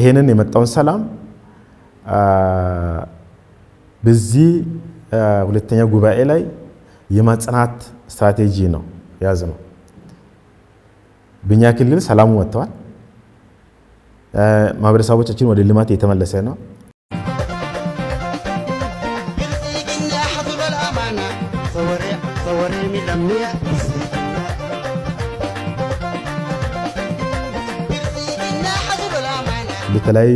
ይሄንን የመጣውን ሰላም በዚህ ሁለተኛ ጉባኤ ላይ የማጽናት ስትራቴጂ ነው ያዝ ነው። በእኛ ክልል ሰላሙ መጥተዋል። ማህበረሰቦቻችን ወደ ልማት የተመለሰ ነው። በተለይ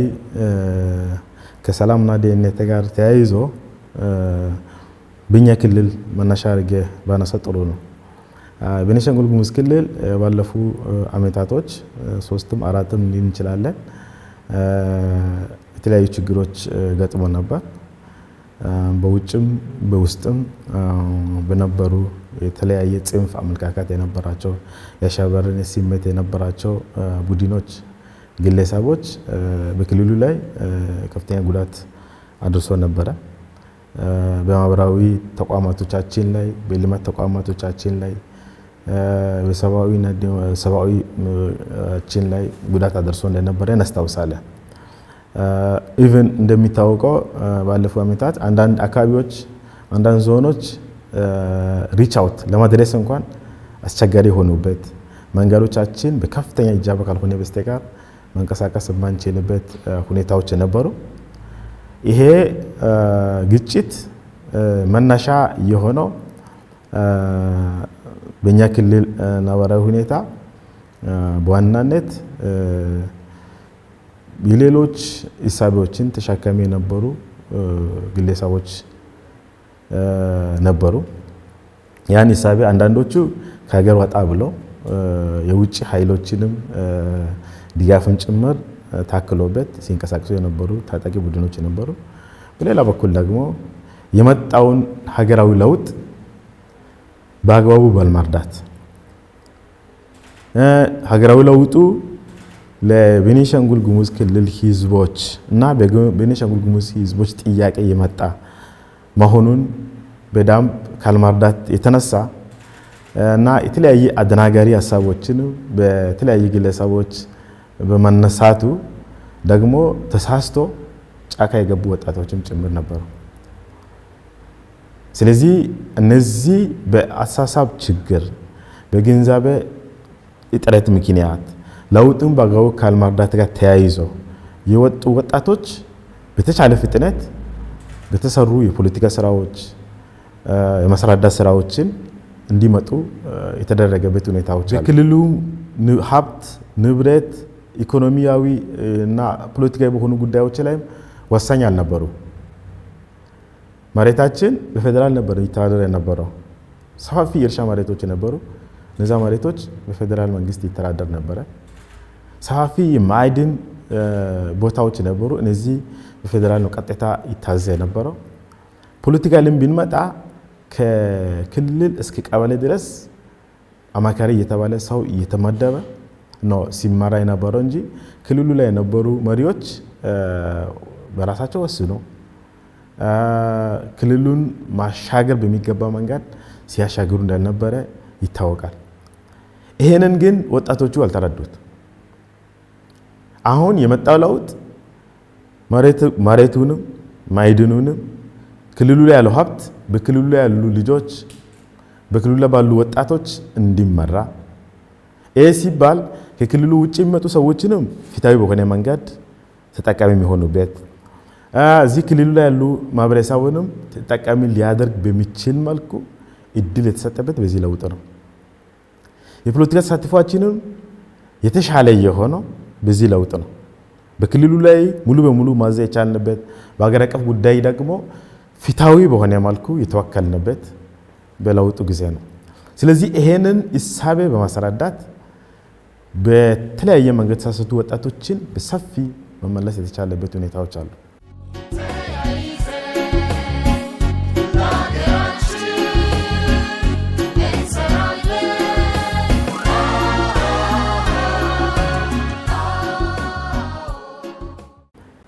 ከሰላምና ደህንነት ጋር ተያይዞ በኛ ክልል መነሻ አድርጌ ባነሳ ጥሩ ነው። ቤኒሻንጉል ጉሙዝ ክልል ባለፉ አመታቶች ሶስትም አራትም ሊሆን እንችላለን የተለያዩ ችግሮች ገጥሞ ነበር። በውጭም በውስጥም በነበሩ የተለያየ ጽንፍ አመለካከት የነበራቸው የአሸባሪነት ስሜት የነበራቸው ቡድኖች ግለሰቦች በክልሉ ላይ ከፍተኛ ጉዳት አድርሶ ነበረ። በማህበራዊ ተቋማቶቻችን ላይ፣ በልማት ተቋማቶቻችን ላይ፣ ሰብአዊችን ላይ ጉዳት አድርሶ እንደነበረ እናስታውሳለን። ኢቨን እንደሚታወቀው ባለፈው ዓመታት አንዳንድ አካባቢዎች፣ አንዳንድ ዞኖች ሪች አውት ለማድረስ እንኳን አስቸጋሪ የሆኑበት መንገዶቻችን በከፍተኛ እጃባ ካልሆነ በስተቀር መንቀሳቀስ የማንችልበት ሁኔታዎች ነበሩ። ይሄ ግጭት መነሻ የሆነው በእኛ ክልል ነባራዊ ሁኔታ በዋናነት የሌሎች እሳቤዎችን ተሸካሚ የነበሩ ግለሰቦች ነበሩ። ያን እሳቤ አንዳንዶቹ ከሀገር ወጣ ብለው የውጭ ኃይሎችንም ድጋፍን ጭምር ታክሎበት ሲንቀሳቀሱ የነበሩ ታጣቂ ቡድኖች የነበሩ፣ በሌላ በኩል ደግሞ የመጣውን ሀገራዊ ለውጥ በአግባቡ ባልማርዳት ሀገራዊ ለውጡ ለቤኒሻንጉል ጉሙዝ ክልል ህዝቦች እና ቤኒሻንጉል ጉሙዝ ህዝቦች ጥያቄ የመጣ መሆኑን በደንብ ካልማርዳት የተነሳ እና የተለያየ አደናጋሪ ሀሳቦችን በተለያዩ ግለሰቦች በመነሳቱ ደግሞ ተሳስቶ ጫካ የገቡ ወጣቶችም ጭምር ነበሩ። ስለዚህ እነዚህ በአሳሳብ ችግር በግንዛቤ እጥረት ምክንያት ለውጡን በአግባቡ ካልማርዳት ጋር ተያይዞ የወጡ ወጣቶች በተቻለ ፍጥነት በተሰሩ የፖለቲካ ስራዎች፣ የማስረዳት ስራዎችን እንዲመጡ የተደረገበት ሁኔታዎች በክልሉ ሀብት ንብረት ኢኮኖሚያዊ እና ፖለቲካዊ በሆኑ ጉዳዮች ላይም ወሳኝ አልነበሩ። መሬታችን በፌዴራል ነበር ይተዳደር የነበረው። ሰፋፊ የእርሻ መሬቶች ነበሩ። እነዛ መሬቶች በፌዴራል መንግስት ይተዳደር ነበረ። ሰፋፊ የማዕድን ቦታዎች ነበሩ። እነዚህ በፌዴራል ነው ቀጥታ ይታዘ የነበረው። ፖለቲካልም ብንመጣ ከክልል እስከ ቀበሌ ድረስ አማካሪ እየተባለ ሰው እየተመደበ ነው ሲመራ የነበረው እንጂ ክልሉ ላይ የነበሩ መሪዎች በራሳቸው ወስነው ክልሉን ማሻገር በሚገባ መንገድ ሲያሻግሩ እንዳልነበረ ይታወቃል። ይሄንን ግን ወጣቶቹ አልተረዱት። አሁን የመጣው ለውጥ መሬቱንም ማይድኑንም ክልሉ ላይ ያለው ሀብት በክልሉ ላይ ያሉ ልጆች በክልሉ ላይ ባሉ ወጣቶች እንዲመራ ይህ ሲባል ከክልሉ ውጭ የሚመጡ ሰዎችንም ፊታዊ በሆነ መንገድ ተጠቃሚ የሚሆኑበት እዚህ ክልሉ ላይ ያሉ ማህበረሰቡንም ተጠቃሚ ሊያደርግ በሚችል መልኩ እድል የተሰጠበት በዚህ ለውጥ ነው። የፖለቲካ ተሳትፏችንም የተሻለ የሆነው በዚህ ለውጥ ነው። በክልሉ ላይ ሙሉ በሙሉ ማዘ የቻልንበት በሀገር አቀፍ ጉዳይ ደግሞ ፊታዊ በሆነ መልኩ የተወከልንበት በለውጡ ጊዜ ነው። ስለዚህ ይሄንን እሳቤ በማሰረዳት በተለያየ መንገድ የተሳሳቱ ወጣቶችን በሰፊ መመለስ የተቻለበት ሁኔታዎች አሉ።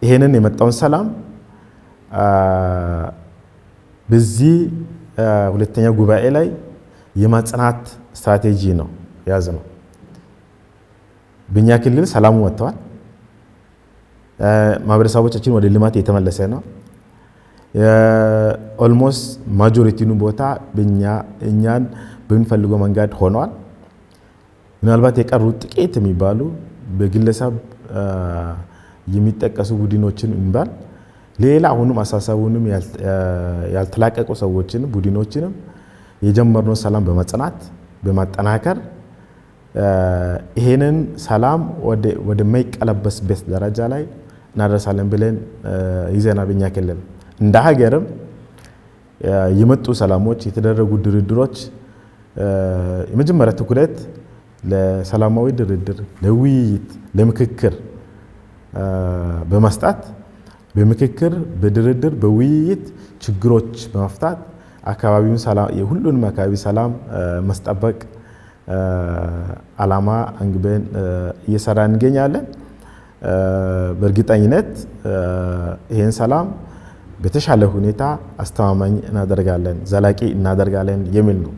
ይሄንን የመጣውን ሰላም በዚህ ሁለተኛ ጉባኤ ላይ የማጽናት ስትራቴጂ ነው የያዝነው። በእኛ ክልል ሰላሙ መጥተዋል። ማህበረሰቦቻችን ወደ ልማት የተመለሰ ነው። ኦልሞስት ማጆሪቲኑ ቦታ እኛን በሚፈልገው መንገድ ሆነዋል። ምናልባት የቀሩት ጥቂት የሚባሉ በግለሰብ የሚጠቀሱ ቡድኖችን እንባል ሌላ አሁንም አሳሳቡንም ያልተላቀቁ ሰዎችን ቡድኖችንም የጀመርነው ሰላም በመጽናት በማጠናከር ይሄንን ሰላም ቤት ደረጃ ላይ እናደርሳለን ብለን ይዘና በኛ ክልል እንደ ሀገርም የመጡ ሰላሞች፣ የተደረጉ ድርድሮች የመጀመሪያ ትኩረት ለሰላማዊ ድርድር፣ ለውይይት፣ ለምክክር በመስጣት በምክክር በድርድር በውይይት ችግሮች በመፍታት አካባቢውን ሁሉንም አካባቢ ሰላም ማስጠበቅ አላማ አንግበን እየሰራ እንገኛለን። በእርግጠኝነት ይህን ሰላም በተሻለ ሁኔታ አስተማማኝ እናደርጋለን፣ ዘላቂ እናደርጋለን የሚል ነው።